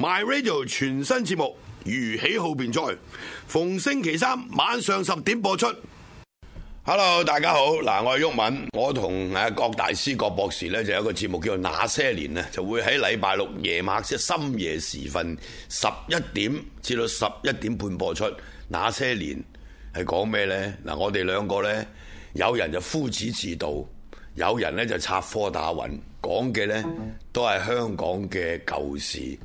My Radio 全新節目如喜號便在，逢星期三晚上十點播出。Hello，大家好，嗱 Hi.，我係毓民，我同誒郭大師、郭博士咧，就有一個節目叫做《那些年》啊，就會喺禮拜六夜晚即深夜時分十一點至到十一點半播出。《那些年》係講咩呢？嗱，我哋兩個呢，有人就夫子自道，有人呢就插科打諢，講嘅呢都係香港嘅舊事。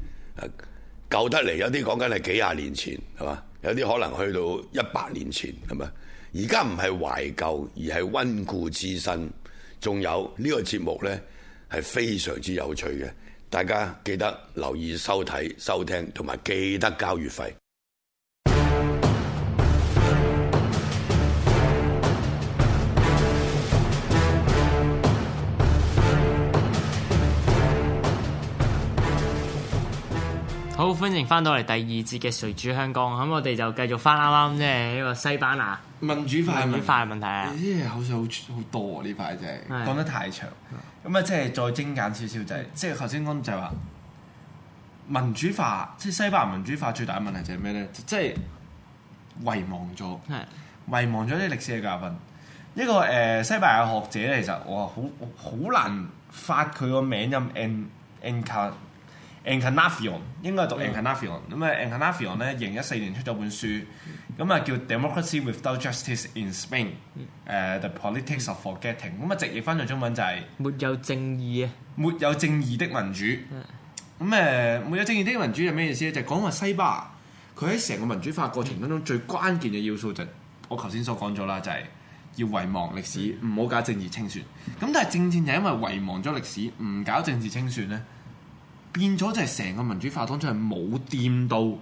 舊得嚟，有啲講緊係幾廿年前，係嘛？有啲可能去到一百年前，係咪？而家唔係懷舊，而係溫故知新。仲有呢、呢個節目呢，係非常之有趣嘅，大家記得留意收睇、收聽，同埋記得交月費。好歡迎翻到嚟第二節嘅誰主香港，咁、嗯、我哋就繼續翻啱啱即係呢個西班牙民主化嘅問題啊！好似好好多啊，呢塊就係講得太長。咁啊、就是，即係再精簡少少就係，即係頭先講就係話民主化，即係西班牙民主化最大嘅問題呢就係咩咧？即係遺忘咗，遺忘咗啲歷史嘅教訓。一個誒、呃，西班牙學者其實我好好難發佢個名音 n n, n Encarnacion 應該讀 Encarnacion 咁啊，Encarnacion、嗯、咧，二零一四年出咗本書，咁啊、嗯、叫 Democracy without justice in Spain，誒、嗯 uh, The politics of forgetting，咁啊、嗯、直譯翻做中文就係、是、沒有正義啊，沒有正義的民主。咁誒沒有正義的民主係咩意思咧？就係、是、講話西巴，佢喺成個民主化過程當中最關鍵嘅要素就是、我頭先所講咗啦，就係要遺忘歷史，唔好、嗯、搞政治清算。咁但係正正就係因為遺忘咗歷史，唔搞政治清算咧。變咗就係成個民主化，當中係冇掂到誒、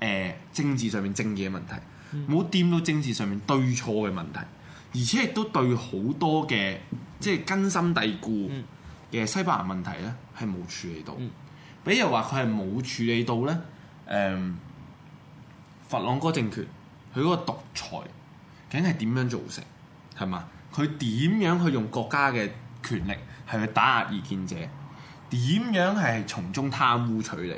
呃、政治上面正義嘅問題，冇掂、嗯、到政治上面對錯嘅問題，而且亦都對好多嘅即係根深蒂固嘅西班牙問題咧係冇處理到。比如話佢係冇處理到咧誒，佛朗哥政權佢嗰個獨裁，究竟係點樣造成？係嘛？佢點樣去用國家嘅權力係去打壓異見者？點樣係從中貪污取嚟？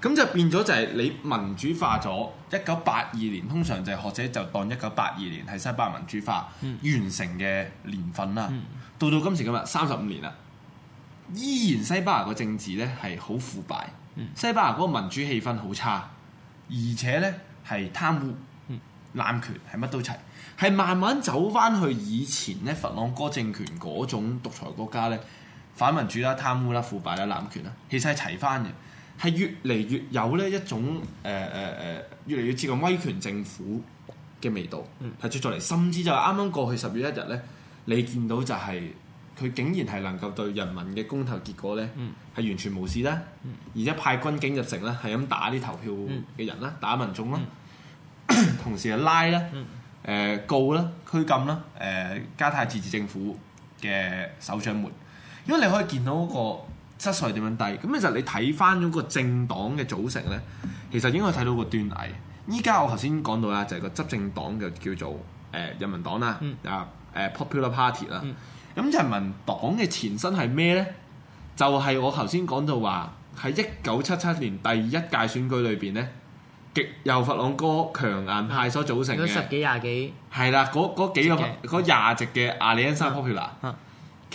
咁、嗯、就變咗就係你民主化咗。一九八二年通常就係學者就當一九八二年係西班牙民主化完成嘅年份啦。到、嗯、到今時今日三十五年啦，依然西班牙個政治咧係好腐敗，嗯、西班牙嗰個民主氣氛好差，而且咧係貪污、嗯、濫權係乜都齊，係慢慢走翻去以前咧佛朗哥政權嗰種獨裁國家咧。反民主啦、貪污啦、腐敗啦、濫權啦，其實係齊翻嘅，係越嚟越有咧一種誒誒誒，越嚟越接近威權政府嘅味道，係出咗嚟。甚至就係啱啱過去十月一日咧，你見到就係佢竟然係能夠對人民嘅公投結果咧，係、嗯、完全無視啦，嗯、而且派軍警入城咧，係咁打啲投票嘅人啦，打民眾啦、嗯嗯咳咳，同時又拉啦、誒、嗯、告啦、拘禁啦、誒、呃、加泰太太自治政府嘅首長們。因為你可以見到嗰個質素係點樣低，咁其實你睇翻嗰個政黨嘅組成咧，其實應該睇到個端倪。依家我頭先講到、呃、啦，就係個執政黨嘅叫做誒人民黨啦，啊誒 Popular Party 啦。咁、嗯、人民黨嘅前身係咩咧？就係、是、我頭先講到話喺一九七七年第一屆選舉裏邊咧，極右佛朗哥強硬派所組成嘅、嗯、十幾廿幾，係啦，嗰嗰幾個嗰廿席嘅阿里恩山 Popular。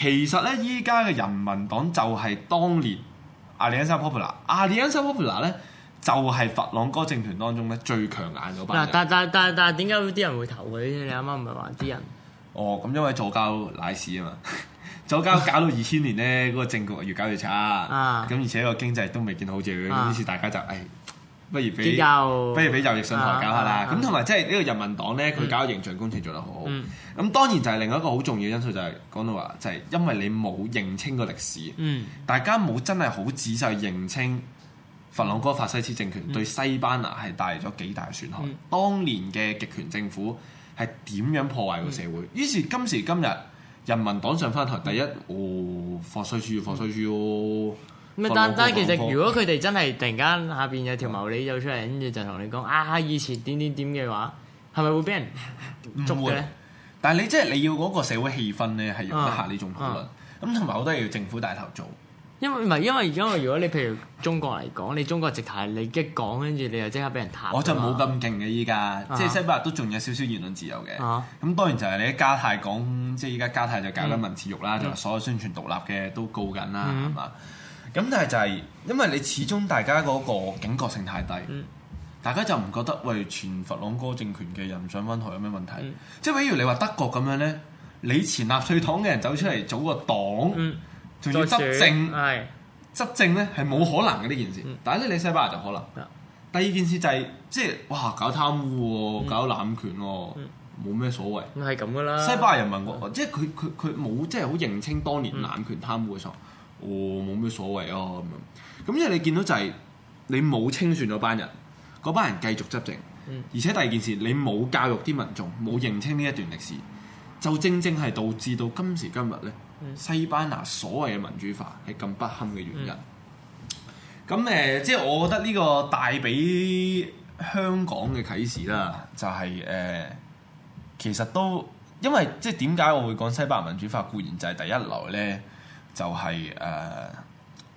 其實咧，依家嘅人民黨就係當年阿里安沙普普拉，阿里安沙普普拉咧就係、是、佛朗哥政權當中咧最強硬嗰班。嗱，但但但但係點解啲人會投佢？你啱啱唔係話啲人、嗯？哦，咁因為左膠奶屎啊嘛，左膠搞到二千年咧，嗰個政局越搞越差，咁、啊、而且個經濟都未見好住，於是大家就誒。不如俾構不如俾右翼上台搞下啦，咁同埋即係呢個人民黨咧，佢、嗯、搞形象工程做得好。好、嗯。咁當然就係另外一個好重要因素、就係，就係講到話，就係因為你冇認清個歷史，嗯、大家冇真係好仔細認清佛朗哥法西斯政權對西班牙係帶嚟咗幾大損害。嗯、當年嘅極權政府係點樣破壞個社會？嗯、於是今時今日人民黨上翻台，第一，嗯、哦，法西斯，法西斯哦！咁但但其實，如果佢哋真係突然間下邊有條毛理走出嚟，跟住就同你講啊，以前點點點嘅話，係咪會俾人捉嘅？但你即係你要嗰個社會氣氛咧，係用得下呢種討論。咁同埋好多嘢要政府帶頭做。因為唔係因為因為，因為如果你譬如中國嚟講，你中國直頭你一講，跟住你又即刻俾人彈。我就冇咁勁嘅依家，啊、即係西班牙都仲有少少言論自由嘅。咁、啊、當然就係你喺加泰講，即係依家加泰就搞緊文字獄啦，嗯、就所有宣傳獨立嘅都告緊啦，係嘛、嗯？嗯咁但係就係，因為你始終大家嗰個警覺性太低，嗯、大家就唔覺得喂，全佛朗哥政權嘅人唔上翻台有咩問題？即係、嗯、比如你話德國咁樣呢，你前納粹黨嘅人走出嚟組個黨，仲、嗯、要執政，選執政呢係冇可能嘅呢、嗯、件事。但係咧，你西班牙就可能。第二件事就係、是，即係哇，搞貪污、啊，搞濫權、啊，冇咩、嗯、所謂。係咁噶啦，就是、西班牙人民國，即係佢佢佢冇即係好認清當年濫權貪污嘅錯。我冇咩所謂咯、啊、咁樣，咁因為你見到就係、是、你冇清算咗班人，嗰班人繼續執政，嗯、而且第二件事你冇教育啲民眾，冇認清呢一段歷史，就正正係導致到今時今日咧，西班牙所謂嘅民主化係咁不堪嘅原因。咁誒、嗯，即係、呃就是、我覺得呢個帶俾香港嘅啟示啦、就是，就係誒其實都因為即係點解我會講西班牙民主化固然就係第一流咧？就係、是、誒、呃，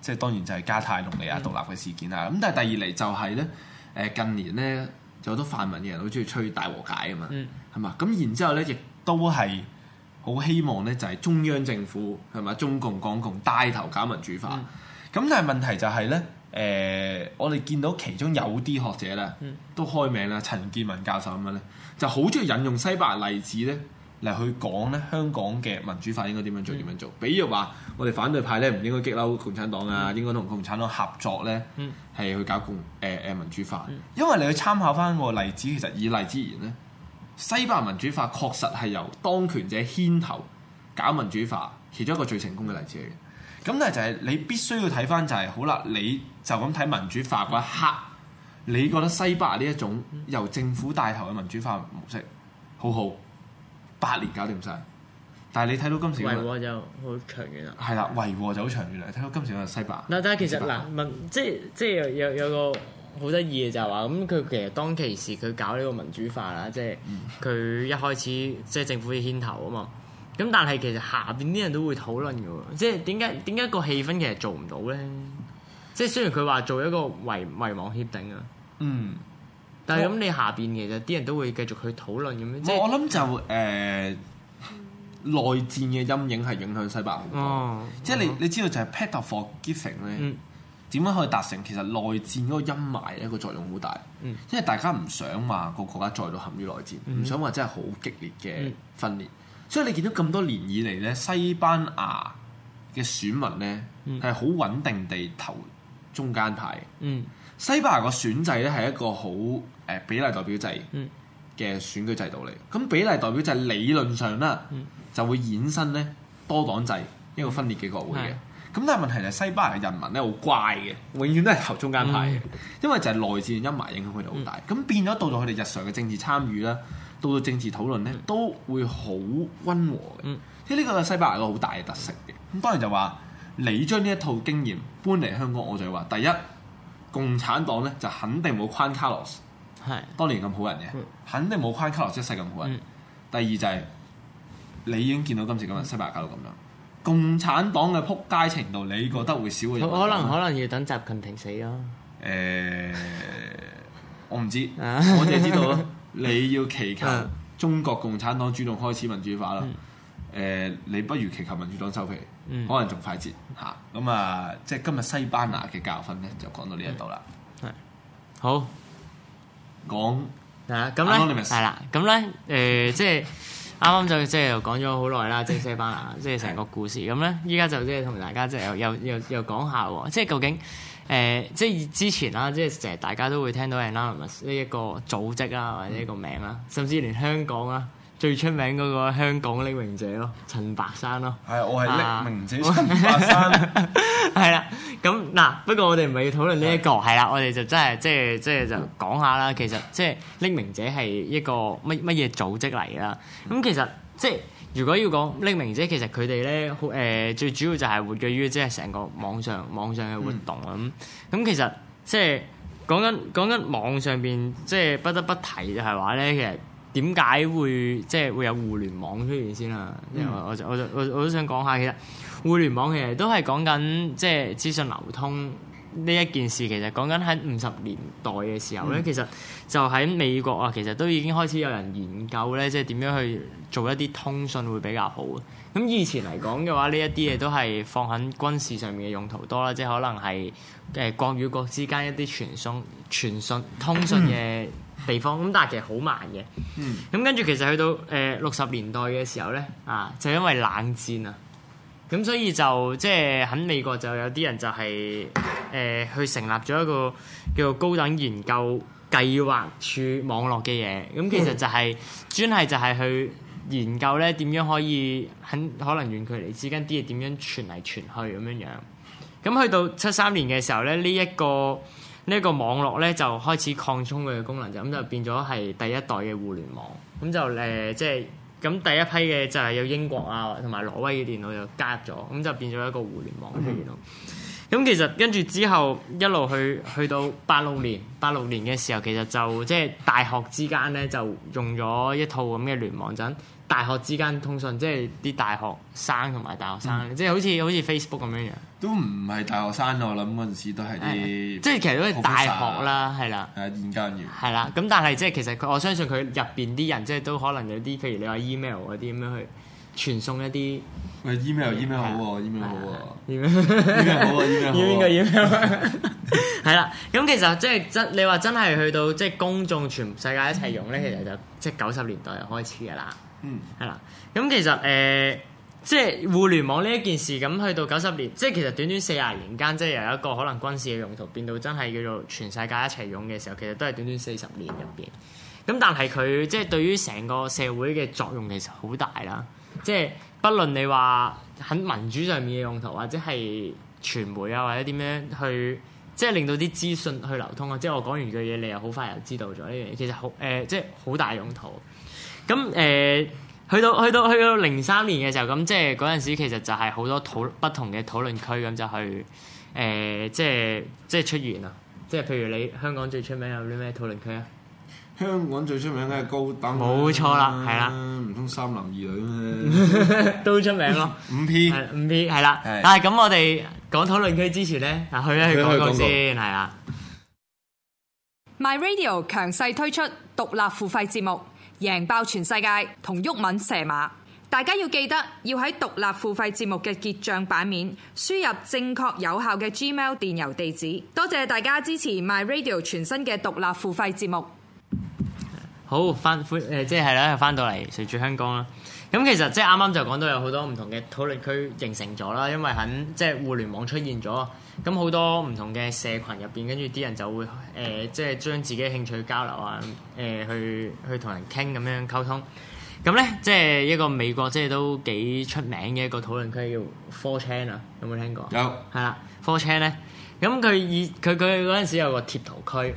即係當然就係加泰隆尼亞獨立嘅事件啦。咁但係第二嚟就係咧，誒近年咧有好多泛民嘅人都好中意吹大和解啊嘛，係嘛、嗯？咁然之後咧，亦都係好希望咧，就係、是、中央政府係咪中共、港共帶頭搞民主化？咁、嗯、但係問題就係咧，誒、嗯呃、我哋見到其中有啲學者咧，嗯、都開名啦，陳建文教授咁樣咧，就好中意引用西班牙例子咧。嚟去講咧，香港嘅民主化應該點樣做？點樣做？比如話，我哋反對派咧唔應該激嬲共產黨啊，嗯、應該同共產黨合作咧，係去搞共誒誒民主化。嗯、因為你去參考翻個例子，其實以例之言咧，西班牙民主化確實係由當權者牽頭搞民主化，其中一個最成功嘅例子嚟嘅。咁但係就係你必須要睇翻就係、是、好啦，你就咁睇民主化嗰一刻，你覺得西班牙呢一種由政府帶頭嘅民主化模式好好？八年搞掂晒，但係你睇到今時維和就好長遠啦。係啦，維和就好長遠啦。睇到今時個西伯嗱，但係其實嗱民即即有有個好得意嘅就係話，咁佢其實當其時佢搞呢個民主化啊，即係佢一開始即係政府嘅牽頭啊嘛。咁但係其實下邊啲人都會討論嘅喎，即係點解點解個氣氛其實做唔到咧？即係雖然佢話做一個遺遺忘協定啊，嗯。但係咁，你下邊其實啲人都會繼續去討論咁樣。唔、就是，我諗就誒、呃、內戰嘅陰影係影響西班牙、哦、即係你你知道就係 platform giving 咧，點樣、嗯、可以達成？其實內戰嗰個陰霾一個作用好大。因為、嗯、大家唔想話個國家再度陷於內戰，唔、嗯、想話真係好激烈嘅分裂。嗯、所以你見到咁多年以嚟咧，西班牙嘅選民咧係好穩定地投中間派。嗯嗯西班牙個選制咧係一個好誒比例代表制嘅選舉制度嚟，咁、嗯、比例代表制理論上咧就會衍生咧多黨制一個分裂嘅國會嘅，咁、嗯、但係問題就係西班牙嘅人民咧好乖嘅，永遠都係投中間派嘅，嗯、因為就係內戰嘅陰霾影響佢哋好大，咁、嗯、變咗到到佢哋日常嘅政治參與啦，到到政治討論咧都會好温和嘅，即係呢個西班牙個好大嘅特色嘅，咁當然就話你將呢一套經驗搬嚟香港，我就話第一。共產黨咧就肯定冇框卡洛斯，係的，當年咁好人嘅，嗯、肯定冇框卡洛斯一世咁好人。嗯、第二就係、是，你已經見到今次咁樣，西班牙咁樣，共產黨嘅撲街程度，你覺得會少？佢、嗯、可能可能要等習近平死咯。誒、呃，我唔知，我淨係知道 你要祈求中國共產黨主動開始民主化啦。誒、嗯嗯呃，你不如祈求民主黨收皮。嗯、可能仲快捷吓，咁啊，即係今日西班牙嘅教訓咧，就講到呢一度啦。係、嗯、好講啊，咁咧係啦，咁咧誒，即係啱啱就即係講咗好耐啦，即係西班牙，即係成個故事。咁咧係，依家就即係同大家即係又又又又講下喎，即係究竟誒、呃，即係之前啦、啊，即係成日大家都會聽到 Anonymous 呢一個組織啦、啊，或者一個名啦，甚至連香港啊。最出名嗰個香港匿名者咯，陳白山咯，係我係匿名者，陳白山。係啦，咁嗱，不過我哋唔係要討論呢一個，係啦，我哋就真係即係即係就講下啦。其實即係匿名者係一個乜乜嘢組織嚟啦。咁其實即係如果要講匿名者，其實佢哋咧，誒最主要就係活躍於即係成個網上網上嘅活動。咁咁其實即係講緊講緊網上邊，即係不得不提就係話咧，其實。點解會即係會有互聯網出現先啦？因為、嗯、我我我我都想講下，其實互聯網其實都係講緊即係資訊流通呢一件事。其實講緊喺五十年代嘅時候咧，嗯、其實就喺美國啊，其實都已經開始有人研究咧，即係點樣去做一啲通訊會比較好。咁以前嚟講嘅話，呢一啲嘢都係放喺軍事上面嘅用途多啦，即係可能係誒國與國之間一啲傳送、傳訊、通訊嘅，嗯地方咁，但係其實好慢嘅。咁跟住，其實去到誒六十年代嘅時候咧，啊，就因為冷戰啊，咁所以就即係喺美國就有啲人就係、是、誒、呃、去成立咗一個叫做高等研究計劃處網絡嘅嘢。咁其實就係、是嗯、專係就係去研究咧，點樣可以喺可能遠距離之間啲嘢點樣傳嚟傳去咁樣樣。咁去到七三年嘅時候咧，呢、這、一個呢一個網絡咧，就開始擴充佢嘅功能，就咁就變咗係第一代嘅互聯網。咁就誒、呃、即係咁第一批嘅就係有英國啊同埋挪威嘅電腦就加入咗咁，就變咗一個互聯網嘅電腦。咁其實跟住之後，後一路去去到八六年，八六年嘅時候其實就即係大學之間咧，就用咗一套咁嘅聯網，陣大學之間通訊，即係啲大學生同埋大學生、mm hmm. 即係好似好似 Facebook 咁樣樣。都唔係大學生我諗嗰陣時都係啲，即係其實都係大學啦，係啦。係間業。係啦，咁但係即係其實佢，我相信佢入邊啲人即係都可能有啲，譬如你話 email 嗰啲咁樣去傳送一啲。喂，email，email 好喎，email 好喎。email，email 好啊，email。邊個 email？係啦，咁其實即係真，你話真係去到即係公眾全世界一齊用咧，其實就即係九十年代開始嘅啦。嗯。係啦，咁其實誒。即係互聯網呢一件事咁去到九十年，即係其實短短四十年間，即係由一個可能軍事嘅用途變到真係叫做全世界一齊用嘅時候，其實都係短短四十年入面。咁但係佢即係對於成個社會嘅作用其實好大啦。即係不論你話喺民主上面嘅用途，或者係傳媒啊，或者點樣去即係令到啲資訊去流通啊，即係我講完嘅嘢，你又好快就知道咗呢樣嘢。其實好誒、呃，即係好大用途。咁誒。呃去到去到去到零三年嘅時候，咁即係嗰陣時其實就係好多討不同嘅討論區咁就去誒，即係即係出現啦。即係譬如你香港最出名有啲咩討論區啊？香港最出名嘅，高登冇錯啦，係啦，唔通三男二女咩？都出名咯。五 P，五 P 係啦。但係咁，我哋講討論區之前咧，啊去一去講講先係啦。My Radio 強勢推出獨立付費節目。贏爆全世界同郁敏射馬，大家要記得要喺獨立付費節目嘅結賬版面輸入正確有效嘅 Gmail 電郵地址。多謝大家支持 My Radio 全新嘅獨立付費節目。好翻，誒、呃，即係咧，返到嚟誰主香江啦。咁其實即係啱啱就講到有好多唔同嘅討論區形成咗啦，因為喺即係互聯網出現咗。咁好多唔同嘅社群入邊，跟住啲人就會誒、呃，即係將自己嘅興趣交流啊，誒、呃，去去同人傾咁樣溝通。咁咧，即係一個美國，即係都幾出名嘅一個討論區叫 4chan 啊，有冇聽過？No. 呢有，係啦。4chan 咧，咁佢以佢佢嗰陣時有個貼圖區，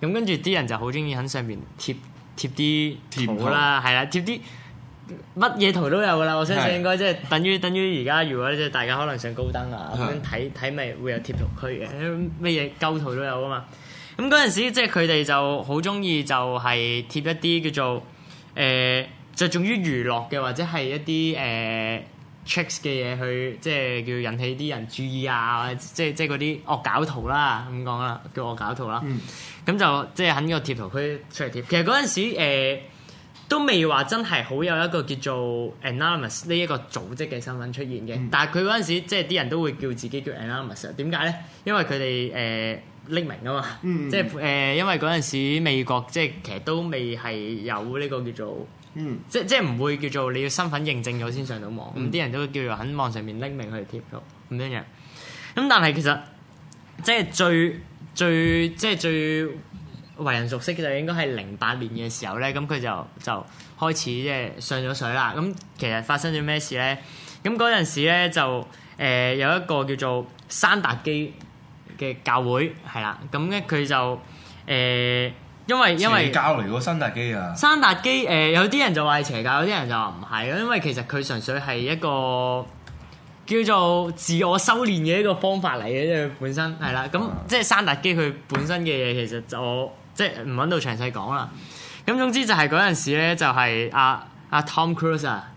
咁跟住啲人就好鍾意喺上面貼貼啲圖啦，係啦，貼啲。貼圖乜嘢圖都有噶啦，我相信應該即係等於等於而家，如果即係大家可能上高登啊，咁樣睇睇咪會有貼圖區嘅，咩嘢鳩圖都有啊嘛。咁嗰陣時即係佢哋就好中意就係貼一啲叫做就、呃、着重於娛樂嘅或者係一啲誒、呃、tricks 嘅嘢去即係、就係、叫引起啲人注意啊，即係即係嗰啲惡搞圖啦，咁講啦，叫惡搞圖啦。嗯，咁就即係喺個貼圖區出嚟貼。其實嗰陣時都未話真係好有一個叫做 Anonymous 呢一個組織嘅身份出現嘅，嗯、但係佢嗰陣時即係啲人都會叫自己叫 Anonymous，點解咧？因為佢哋誒匿名啊嘛，嗯、即係誒、呃、因為嗰陣時美國即係其實都未係有呢個叫做，嗯、即係即係唔會叫做你要身份認證咗先上到網，咁啲、嗯、人都會叫做喺網上面匿名去貼圖咁樣嘅。咁但係其實即係最最即係最，最即為人熟悉嘅就應該係零八年嘅時候咧，咁佢就就開始即係上咗水啦。咁其實發生咗咩事咧？咁嗰陣時咧就誒、呃、有一個叫做「山達基」嘅教會係啦。咁咧佢就誒、呃、因為因為邪教嚟嘅山達基啊，山達基誒有啲人就話係邪教，有啲人就話唔係咯。因為其實佢純粹係一個叫做自我修煉嘅一個方法嚟嘅，即係本身係啦。咁即係山達基佢本身嘅嘢其實就。即係唔揾到詳細講啦，咁總之就係嗰陣時咧，就係阿阿 Tom Cruise 啊，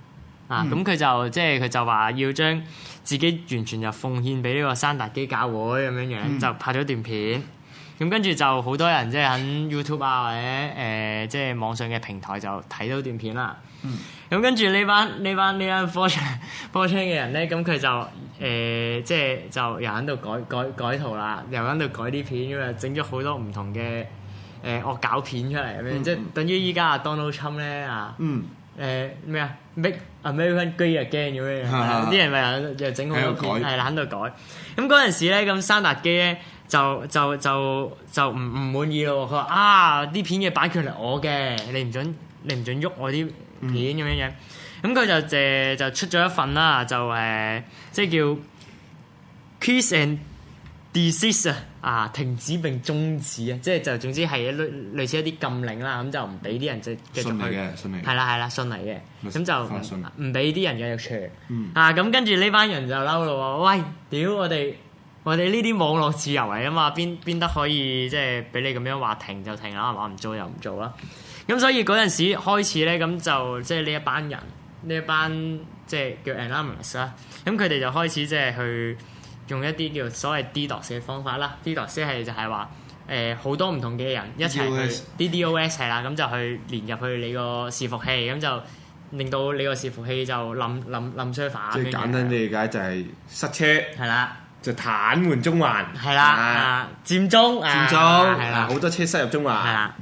啊咁佢、啊啊嗯啊、就即係佢就話、是、要將自己完全就奉獻俾呢個山達基教會咁樣樣，嗯、就拍咗段片。咁、嗯嗯、跟住就好多人即係、就、喺、是、YouTube 啊或者誒即係網上嘅平台就睇到段片啦。咁、嗯、跟住 呢班呢班呢班 4chan 4chan 嘅人咧，咁佢就誒即係就又喺度改改改，改圖啦，又喺度改啲片咁啊，整咗好多唔同嘅。誒惡搞片出嚟咁樣，即係、嗯嗯、等於依家阿 Donald Trump 咧啊，誒咩啊 Make American Great Again 咁樣，啲人咪又整好個改，係啦喺度改。咁嗰陣時咧，咁山達基咧就就就就唔唔滿意咯。佢話啊，啲片嘅版權係我嘅，你唔准你唔準喐我啲片咁樣、嗯、樣。咁、啊、佢就借就出咗一份啦，就誒即係叫 Kiss and Disease 啊，啊停止並中止啊，即係就總之係一類似一啲禁令啦，咁、嗯、就唔俾啲人即係繼續去，係啦係啦，信嚟嘅，咁 Let 's、嗯、就唔俾啲人繼續出，嗯、啊咁跟住呢班人就嬲咯喎，喂，屌我哋我哋呢啲網絡自由嚟啊嘛，邊邊得可以即係俾你咁樣話停就停啦，係嘛？唔做又唔做啦，咁所以嗰陣時開始咧，咁就即係呢一班人，呢 一班即係叫，叫 Anonymous 啦，咁佢哋就開始即係去。用一啲叫所謂 DDoS 嘅方法啦，DDoS 係就係話誒好多唔同嘅人一齊去 DDoS 係啦，咁就去連入去你個伺服器，咁就令到你個伺服器就冧冧冧 server 最簡單嘅理解就係塞車，係啦，就癱瘓中環，係啦的，啊、佔中，佔中，係啦、啊，好、啊、多車塞入中環，係啦。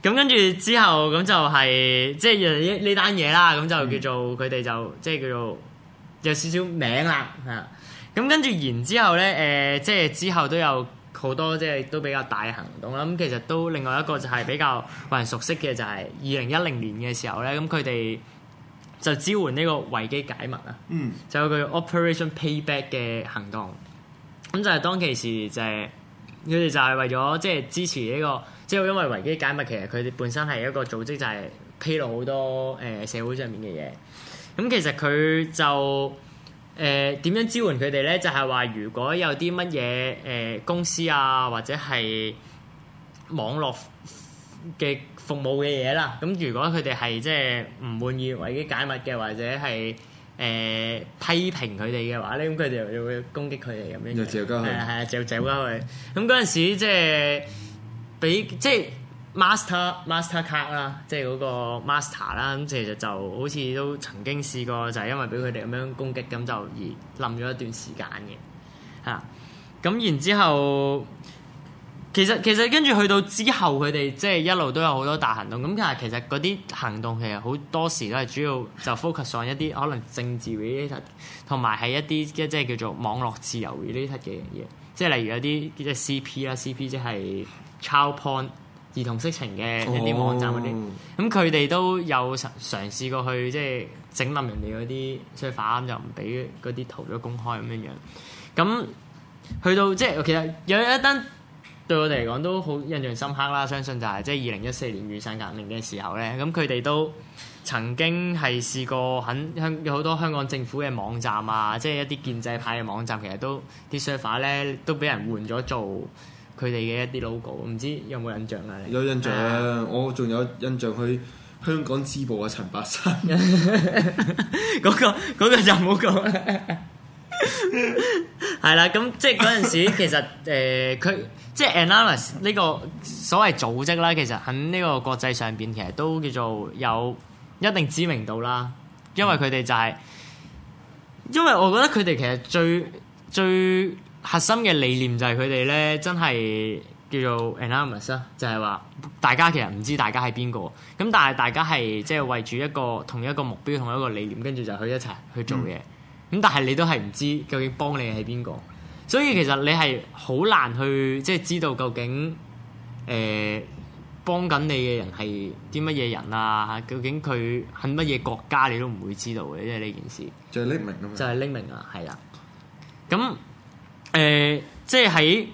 咁跟住之後、就是，咁就係即係用呢單嘢啦，咁就叫做佢哋就、嗯、即係叫做。有少少名啦，嚇、嗯！咁跟住然之後咧，誒、呃，即係之後都有好多即係都比較大嘅行動啦。咁其實都另外一個就係比較為人熟悉嘅，就係二零一零年嘅時候咧，咁佢哋就支援呢個維基解密啊、嗯，嗯，就有個 Operation Payback 嘅行動。咁就係當其時就係佢哋就係為咗即係支持呢、這個，即、就、係、是、因為維基解密其實佢哋本身係一個組織就，就係披露好多誒社會上面嘅嘢。咁其實佢就誒點樣支援佢哋咧？就係話如果有啲乜嘢誒公司啊，或者係網絡嘅服務嘅嘢啦，咁如果佢哋係即係唔滿意或者解密嘅，或者係誒批評佢哋嘅話咧，咁佢哋就會攻擊佢哋咁樣。又嚼膠去，係啊，就走返去。咁嗰陣時即係俾即。master master card 啦，即係嗰個 master 啦。咁其實就好似都曾經試過，就係、是、因為俾佢哋咁樣攻擊，咁就而冧咗一段時間嘅吓。咁、啊、然之後，其實其實跟住去到之後，佢哋即係一路都有好多大行動，咁其實其實嗰啲行動其實好多時都係主要就 focus on 一啲可能政治 related，同埋係一啲即係叫做網絡自由 related 嘅嘢。即係例如有啲即係 C P 啦，C P 即係 child point。兒童色情嘅一啲網站嗰啲，咁佢哋都有嘗試過去即係整蠱人哋嗰啲 software 就唔俾嗰啲圖咗公開咁樣樣。咁去到即係其實有一單對我哋嚟講都好印象深刻啦，相信就係即係二零一四年雨傘革命嘅時候咧，咁佢哋都曾經係試過很香有好多香港政府嘅網站啊，即係一啲建制派嘅網站，其實都啲 software 咧都俾人換咗做。佢哋嘅一啲 logo，唔知有冇印象、啊、印象啊？啊有印象我仲有印象佢香港支部嘅陳百山，嗰個嗰個就冇講啦。係啦、就是，咁、呃、即係嗰陣時，其實誒佢即係 Anonymous 呢個所謂組織啦，其實喺呢個國際上邊，其實都叫做有一定知名度啦。因為佢哋就係、是、因為我覺得佢哋其實最最，最最最核心嘅理念就係佢哋咧，真係叫做 Anonymous 啦，就係話大家其實唔知大家係邊個，咁但係大家係即係為住一個同一個目標同一個理念，跟住就去一齊去做嘢。咁、嗯、但係你都係唔知究竟幫你係邊個，所以其實你係好難去即係、就是、知道究竟誒幫緊你嘅人係啲乜嘢人啊？究竟佢喺乜嘢國家，你都唔會知道嘅，因為呢件事，明就係匿名咁啊！就係匿名啊，係啦，咁。誒、呃，即係喺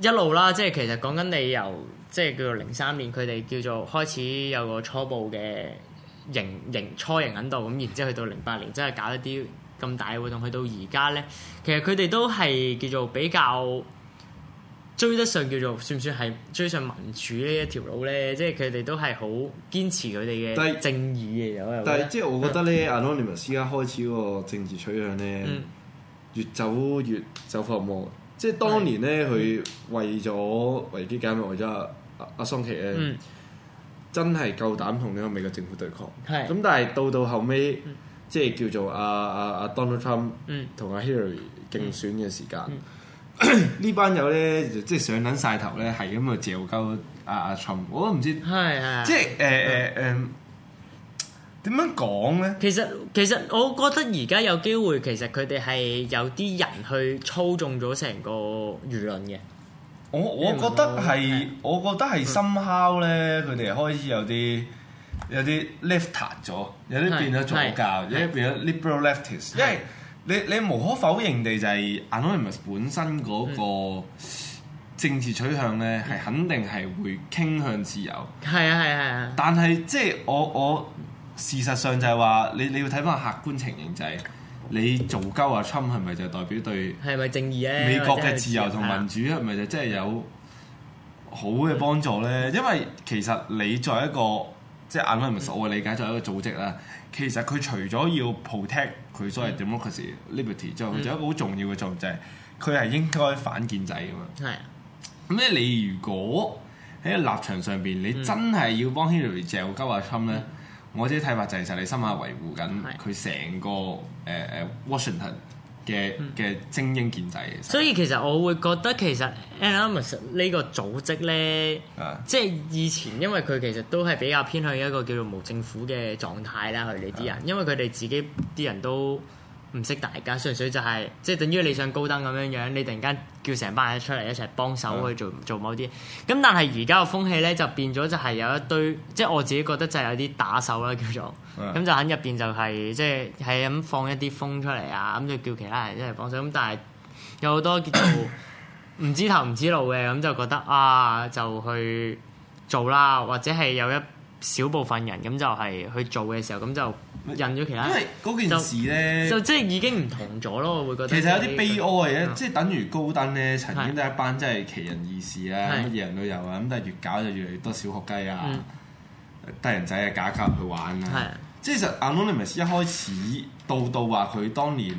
一路啦，即係其實講緊你由即係叫做零三年，佢哋叫做開始有個初步嘅型型初型喺度，咁然之後去到零八年，真係搞一啲咁大嘅活動，去到而家咧，其實佢哋都係叫做比較追得上，叫做算唔算係追上民主一條呢一條路咧？即係佢哋都係好堅持佢哋嘅正義嘅但。但係即係我覺得咧，Anonymous 依家開始嗰個政治取向咧。嗯嗯越走越走火入魔，即係當年咧，佢為咗維基解密，為咗阿阿桑奇咧，真係夠膽同呢個美國政府對抗。係咁，但係到到後尾，即係叫做阿阿阿 Donald Trump 同阿 Hillary 競選嘅時間，呢班友咧，即係上緊晒頭咧，係咁就嚼鳩阿阿 Trump，我都唔知，係係即係誒誒誒。點樣講咧？其實其實我覺得而家有機會，其實佢哋係有啲人去操縱咗成個輿論嘅。我我覺得係對，我覺得係深敲咧，佢哋開始有啲有啲 left 塌咗，有啲變咗左膠，有啲變咗 liberal leftist，因為你你無可否認地就係 anonymous 本身嗰個政治取向咧，係肯定係會傾向自由。係啊係係啊。是是但係即係我我。我我事實上就係話你你要睇翻客觀情形，就係、是、你做鳩啊，侵係咪就是代表對係咪正義美國嘅自由同民主係咪就真係有好嘅幫助咧。嗯、因為其實你作為一個即係眼裏唔係所謂理解作為一個組織啦，嗯、其實佢除咗要 protect 佢所謂 democracy、嗯、liberty，就佢仲有一個好重要嘅作用就係佢係應該反建制㗎嘛。係咁、嗯，即你如果喺個立場上邊，你真係要幫 Hillary 掉鳩啊，侵咧、嗯。我啲睇法就係，就係你心下維護緊佢成個誒誒是、呃、Washington 嘅嘅、嗯、精英建制。所以其實我會覺得其實 Anonymous 呢個組織咧，即係、啊、以前因為佢其實都係比較偏向一個叫做無政府嘅狀態啦，佢哋啲人，啊、因為佢哋自己啲人都，唔識大家，純粹就係、是、即係等於你上高登咁樣樣，你突然間叫成班人出嚟一齊幫手去做做某啲。咁但係而家個風氣咧就變咗，就係有一堆即係我自己覺得就係有啲打手啦叫做，咁 就喺入邊就係、是、即係係咁放一啲風出嚟啊，咁就叫其他人一齊幫手。咁但係有好多叫做唔知， 知頭唔知路嘅，咁就覺得啊就去做啦，或者係有一。小部分人咁就係去做嘅時候，咁就引咗其他。因為嗰件事咧，就即係已經唔同咗咯。我會覺得其實有啲悲哀嘅，嗯、即係等於高登咧，曾經都係一班即係奇人異士啊，乜嘢是的 人都有啊。咁但係越搞就越嚟越多小學雞啊，嗯、低人仔啊，假卡入去玩啊。是的 即係其實 Anonymous 一開始到到話佢當年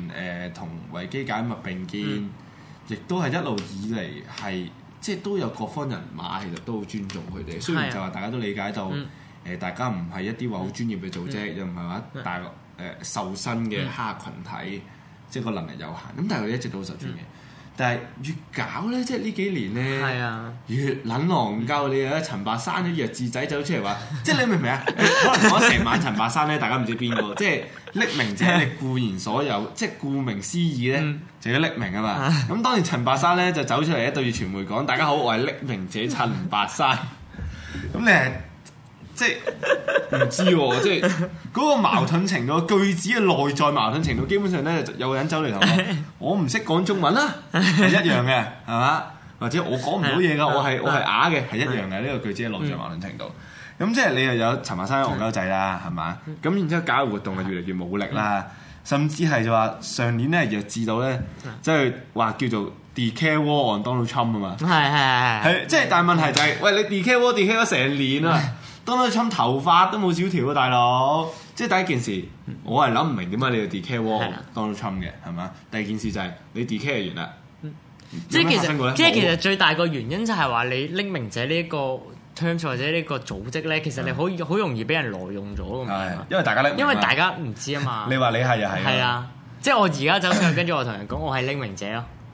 誒同、呃、維基解密並肩，亦、嗯、都係一路以嚟係即係都有各方人馬，其實都好尊重佢哋。雖然就話大家都理解到。嗯嗯誒，大家唔係一啲話好專業嘅組織，又唔係話大誒瘦身嘅蝦群體，即係個能力有限。咁但係佢一直都好實踐嘅，但係越搞咧，即係呢幾年咧，越撚戇鳩。你啊，陳白山啲弱智仔走出嚟話，即係你明唔明啊？可能我成晚陳白山咧，大家唔知邊個，即係匿名者固然所有，即係顧名思義咧，就要匿名啊嘛。咁當然陳白山咧就走出嚟咧對住傳媒講：大家好，我係匿名者陳白山。咁你係？即係唔知喎，即係嗰個矛盾程度，句子嘅內在矛盾程度，基本上咧有個人走嚟頭，我唔識講中文啦，係一樣嘅，係嘛？或者我講唔到嘢噶，我係我係啞嘅，係一樣嘅。呢個句子嘅內在矛盾程度，咁即係你又有陳生山戇鳩仔啦，係嘛？咁然之後搞嘅活動係越嚟越無力啦，甚至係就話上年咧弱智到咧，即係話叫做 declare war on Donald Trump 啊嘛，係係係，即係但係問題就係，喂你 declare war declare 咗成年啊！Donald Trump 頭髮都冇少條啊，大佬！即係第一件事，我係諗唔明點解你要 declare war Donald Trump 嘅，係咪啊？第二件事就係、是、你 declare 完啦。即係是其實，即係其實最大個原因就係話你匿名者呢一個 team 或者呢個組織咧，其實你好好的容易俾人挪用咗㗎嘛。係，因為大家咧，因為大家唔知啊嘛。 你話你係就係。係啊，即係我而家走上去，跟住我同人講，我係匿名者咯。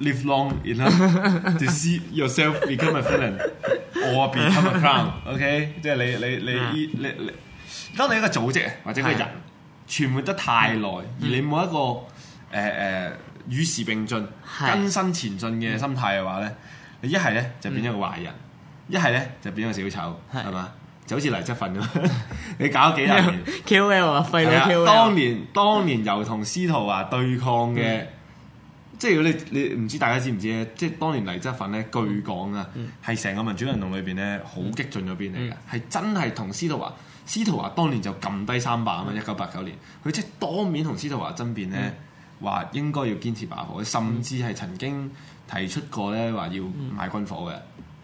Live long enough to see yourself become a villain or become a clown. OK，即係你你你你你，當你一個組織或者一個人存活得太耐，嗯、而你冇一個誒誒與時並進、嗯、更新前進嘅心態嘅話咧，一係咧就變咗個壞人，一係咧就變咗個小丑，係嘛、嗯？就好似黎則奮咁， 你搞咗幾廿年，Q 咗啊，廢到 Q 咗。當年當年，當年由同司徒華對抗嘅。即係如果你你唔知大家知唔知咧？即係當年黎則憤咧，據講啊，係成、嗯、個民主運動裏邊咧，好激進嗰邊嚟嘅。係、嗯、真係同司徒華、司徒華當年就撳低三百啊嘛，一九八九年，佢即係當面同司徒華爭辯咧，話、嗯、應該要堅持八火，甚至係曾經提出過咧話要買軍火嘅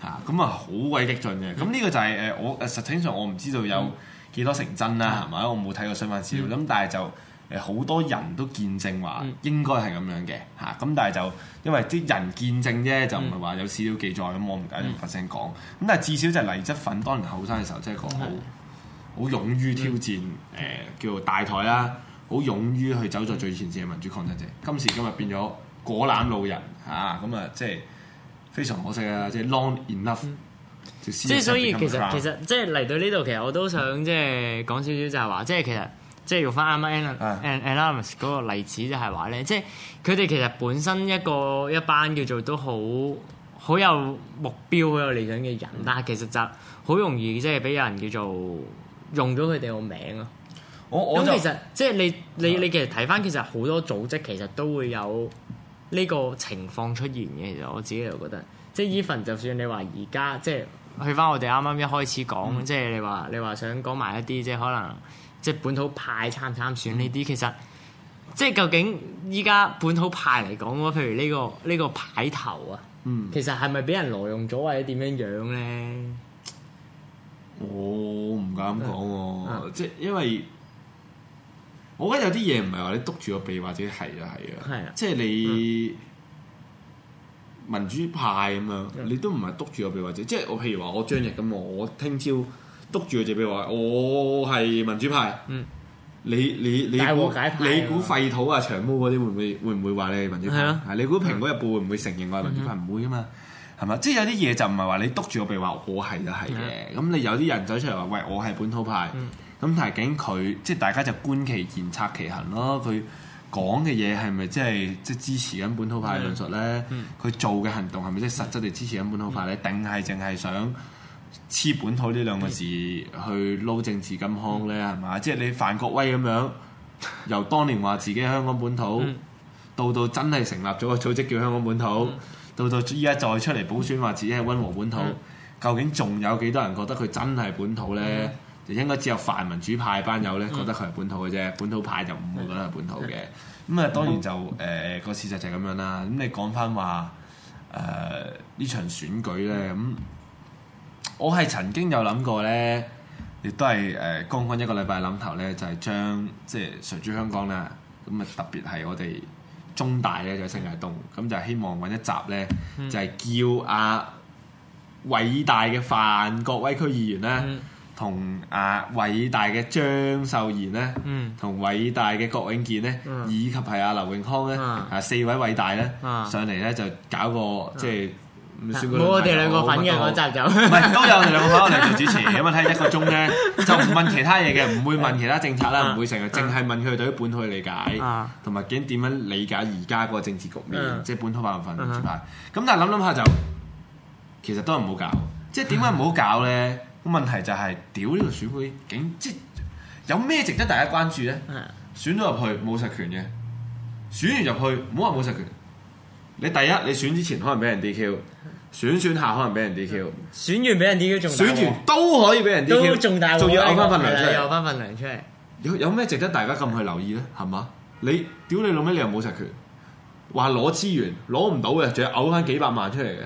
嚇，咁、嗯、啊好鬼激進嘅。咁呢、嗯、個就係、是、誒我實際上我唔知道有幾多成真啦，係咪、嗯？我冇睇過相關資料，咁、嗯、但係就。誒好多人都見證話應該係咁樣嘅嚇，咁、嗯、但係就因為啲人見證啫，嗯、就唔係話有史料記載咁，嗯、我唔緊要發聲講。咁、嗯、但係至少就黎則奮當年後生嘅時候，即係講好，好、嗯、勇於挑戰誒、嗯呃、叫做大台啦，好勇於去走在最前線嘅民主抗爭者。今時今日變咗果攬老人啊，咁啊即係非常可惜啊！即係 long enough，即係。所以、嗯 so、其實其實即係嚟到呢度，其實我都想即係講少少就係話，即、就、係、是、其實。即係用翻啱啱 Anonymous 嗰個例子，就係話咧，即係佢哋其實本身一個一班叫做都好好有目標、好有理想嘅人，但係其實就好容易即係俾人叫做用咗佢哋個名咯。我我咁其實即係、就是、你你你其實睇翻，其實好多組織其實都會有呢個情況出現嘅。其實我自己又覺得，即係 Even 就算你話而家即係去翻我哋啱啱一開始講，即、就、係、是、你話你話想講埋一啲即係可能。即係本土派參唔參選呢啲，其實即係究竟依家本土派嚟講，譬如、這個這個嗯、呢個呢個牌頭啊，其實係咪俾人挪用咗或者點樣樣咧？我唔敢講喎，即係因為我覺得有啲嘢唔係話你督住個鼻或者係啊係啊，即係你民主派咁樣，你都唔係督住個鼻或者，即係我譬如話我將日咁，嗯、我聽朝。督住佢就俾話，我係、哦、民主派。嗯、你你你估你估廢土啊、長毛嗰啲會唔會會唔會話你係民主派？係啊，你估《蘋果日報》會唔會承認我係民主派？唔、啊、會噶嘛，係嘛？即係有啲嘢就唔係話你督住個鼻話我係就係嘅。咁、啊、你有啲人走出嚟話，喂，我係本土派。咁究竟佢，即係大家就觀其言察其行咯。佢講嘅嘢係咪即係即係支持緊本土派嘅論述咧？佢、啊嗯嗯嗯、做嘅行動係咪即係實質地支持緊本土派咧？定係淨係想？黐本土呢兩個字去撈政治金礦咧，係嘛、嗯？即係、就是、你范國威咁樣，由當年話自己香港本土，到、嗯、到真係成立咗個組織叫香港本土，嗯、到到依家再出嚟補選話自己係溫和本土，嗯嗯、究竟仲有幾多人覺得佢真係本土咧？嗯、就應該只有泛民主派班友咧，覺得佢係本土嘅啫，嗯、本土派就唔會覺得係本土嘅。咁啊、嗯，當然就誒個事實就係咁樣啦。咁你講翻話誒呢場選舉咧咁。我係曾經有諗過咧，亦都係誒剛剛一個禮拜諗頭咧，就係、是、將即係常住香港啦，咁啊特別係我哋中大咧在新界東，咁、就是、就希望揾一集咧，就係、是、叫阿、啊、偉大嘅范國威區議員咧，同阿、嗯啊、偉大嘅張秀賢咧，同偉大嘅郭永健咧，以及係阿、啊、劉永康咧，嗯、啊四位偉大咧、嗯、上嚟咧就搞個即係。嗯嗯冇我哋兩個份嘅嗰集就唔係都有我哋兩個份嚟做主持，因為睇一個鐘咧就唔問其他嘢嘅，唔會問其他政策啦，唔會成日淨係問佢哋對於本土嘅理解，同埋竟點樣理解而家嗰個政治局面，即係本土派嘅泛民主派。咁但係諗諗下就其實都係唔好搞，即係點解唔好搞咧？個問題就係，屌呢個選委竟即有咩值得大家關注咧？選咗入去冇實權嘅，選完入去唔好話冇實權，你第一你選之前可能俾人 DQ。選選下可能俾人 DQ，選完俾人 DQ 仲，選完都可以俾人 DQ，仲大，仲要嘔翻份糧出嚟，嘔翻份糧出嚟。有有咩值得大家咁去留意咧？係嘛？你屌你老尾，你又冇實權，話攞資源攞唔到嘅，仲要嘔翻幾百萬出嚟嘅，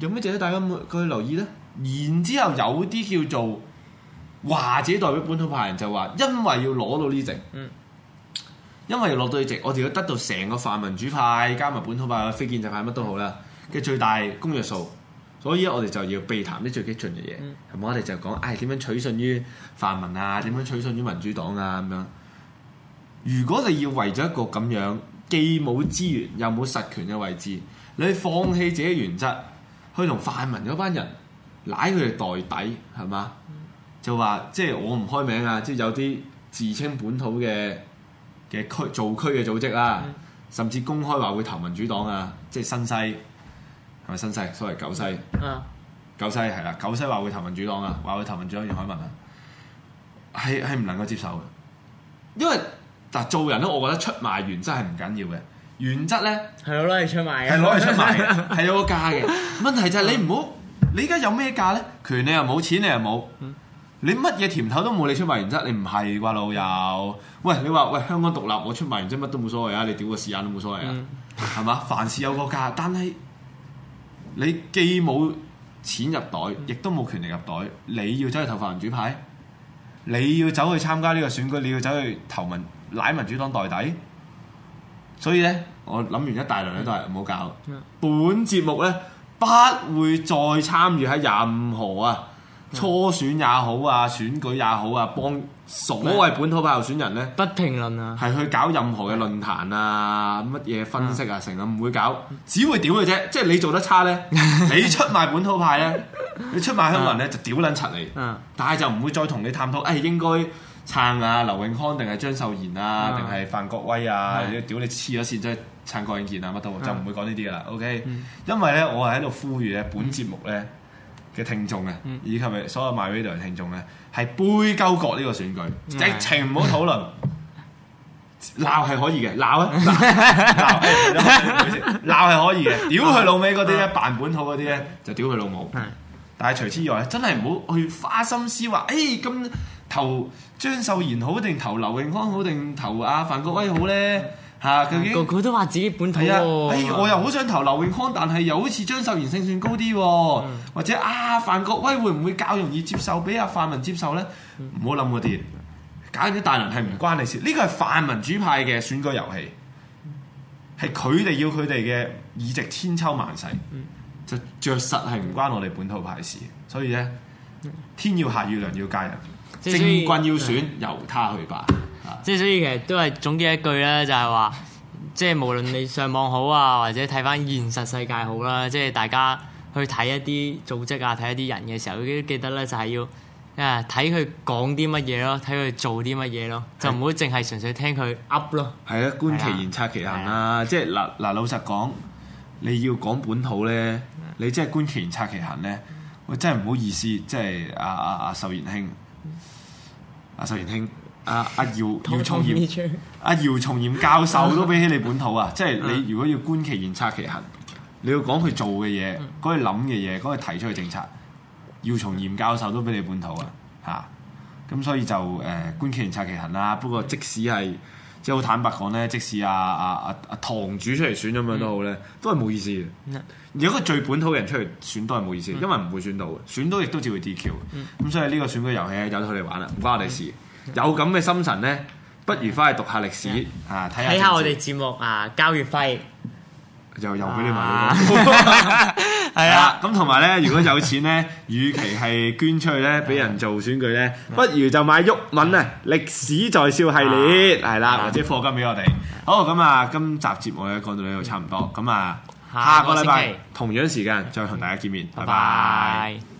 有咩值得大家去留意咧？然之後有啲叫做或者代表本土派人就話，因為要攞到呢席，嗯、因為攞到呢席，我哋要得到成個泛民主派加埋本土派、非建制派乜都好啦。嘅最大公約數，所以咧我哋就要避談啲最激進嘅嘢，係、嗯、我哋就講，唉、哎，點樣取信於泛民啊？點樣取信於民主黨啊？咁樣，如果你要為咗一個咁樣既冇資源又冇實權嘅位置，你放棄自己原則，去同泛民嗰班人攋佢哋代底，係嘛、嗯？就話即係我唔開名啊！即、就、係、是、有啲自稱本土嘅嘅做區嘅組織啦，嗯、甚至公開話會投民主黨啊，即、就、係、是、新西。係咪新西？所謂九西，啊、九西係啦，九西話會投民主黨啊，話會投民主黨袁海文啊，係係唔能夠接受嘅，因為嗱做人咧，我覺得出賣原則係唔緊要嘅，原則咧係攞嚟出賣嘅，係攞嚟出賣嘅，係 有個價嘅。問題就係你唔好，你而家有咩價咧？權你又冇，錢又、嗯、你又冇，你乜嘢甜頭都冇，你出賣原則你唔係啩老友？喂，你話喂香港獨立，我出賣原則乜都冇所謂啊，你屌我屎眼都冇所謂啊，係嘛、嗯？ 凡事有個價，但係。你既冇錢入袋，亦都冇權力入袋。你要走去投民主派，你要走去參加呢個選舉，你要走去投民賴民主黨代底。所以咧，我諗完一大輪咧，都係唔好搞。嗯、本節目咧，不會再參與喺任何啊，初選也好，啊，選舉也好，啊幫。所謂本土派候選人咧，不評論啊，係去搞任何嘅論壇啊，乜嘢分析啊，成日唔會搞，只會屌佢啫。即係你做得差咧， 你出賣本土派咧，你出賣香港人咧，就屌撚柒你。 但係就唔會再同你探討。誒、哎，應該撐啊，劉永康定係張秀賢啊，定係范國威啊？屌 你黐咗線，即係撐郭永健啊乜都，就唔會講呢啲㗎喇。OK， 因為咧，我係喺度呼籲咧，本節目咧。嘅聽眾啊，以及咪所有 my radio 嘅聽眾咧，係杯鳩葛呢個選舉，直情唔好討論，鬧係可以嘅，鬧啊鬧係、 哎、可以嘅，屌佢老味嗰啲咧，扮、嗯、本土嗰啲咧就屌佢老母，嗯、但係除此之外真係唔好去花心思話，誒咁投張秀賢好定投劉永康好定投阿范國威好咧。嚇，佢、啊、都話自己本土喎、啊啊哎。我又好想投劉永康，但係又好似張秀賢勝算高啲喎、啊。嗯、或者啊，范國威會唔會較容易接受俾阿泛民接受呢？唔好諗嗰啲，搞啲大人係唔關你事。呢個係泛民主派嘅選舉遊戲，係佢哋要佢哋嘅議席千秋萬世，嗯、就着實係唔關我哋本土派事。所以呢，天要下雨，娘要嫁人，政棍要選，由他去吧。即係所以其實都係總結一句咧，就係話，即係無論你上網好啊，或者睇翻現實世界好啦，即係大家去睇一啲組織啊，睇一啲人嘅時候，都記得咧就係要啊睇佢講啲乜嘢咯，睇佢做啲乜嘢咯，的就唔好淨係純粹聽佢噏咯。係啊，觀其言察其行啊！的即係嗱嗱老實講，你要講本土咧，的你即係觀其言察其行咧，我真係唔好意思，即係阿阿阿秀賢兄。阿、啊、秀賢兄。阿阿、啊啊、姚姚松炎，阿、啊、姚松炎教授都比起你本土啊！ 即係你如果要觀其言察其行，你要講佢做嘅嘢，嗰啲諗嘅嘢，嗰啲提出嘅政策，姚松炎教授都比你本土啊！吓、啊，咁所以就誒觀其言察其行啦。不過即使係即係好坦白講咧，即使阿阿阿阿堂主出嚟選咁樣都好咧，嗯、都係冇意思嘅。如果個最本土嘅人出嚟選都係冇意思，因為唔會選到嘅，選到亦都只會 DQ、嗯。咁所以呢個選舉遊戲咧由佢哋玩啦，唔關我哋事。嗯嗯有咁嘅心神咧，不如翻去讀下歷史啊，睇下我哋節目啊，交月費就又俾你買啦，係啊，咁同埋咧，如果有錢咧，與其係捐出去咧，俾人做選舉咧，不如就買郁文啊，歷史在笑系列係啦，或者課金俾我哋。好，咁啊，今集節目咧，講到呢度差唔多，咁啊，下個禮拜同樣時間再同大家見面，拜拜。